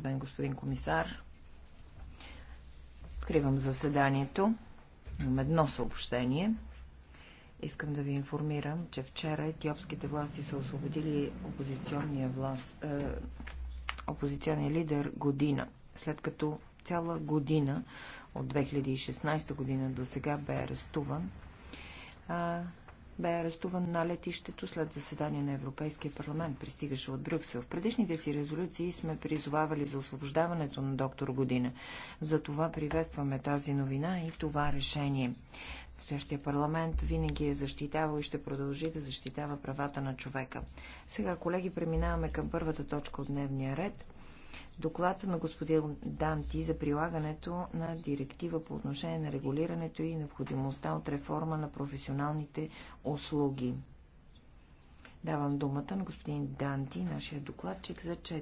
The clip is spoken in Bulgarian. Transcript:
господин, господин комисар. Откривам заседанието. Имам едно съобщение. Искам да ви информирам, че вчера етиопските власти са освободили опозиционния, власт, е, опозиционния лидер година, след като цяла година от 2016 година до сега бе арестуван бе арестуван на летището след заседание на Европейския парламент, пристигаше от Брюксел. В предишните си резолюции сме призовавали за освобождаването на доктор Година. За това приветстваме тази новина и това решение. Настоящия парламент винаги е защитавал и ще продължи да защитава правата на човека. Сега, колеги, преминаваме към първата точка от дневния ред – доклада на господин Данти за прилагането на директива по отношение на регулирането и необходимостта от реформа на професионалните услуги. Давам думата на господин Данти, нашия докладчик за 4.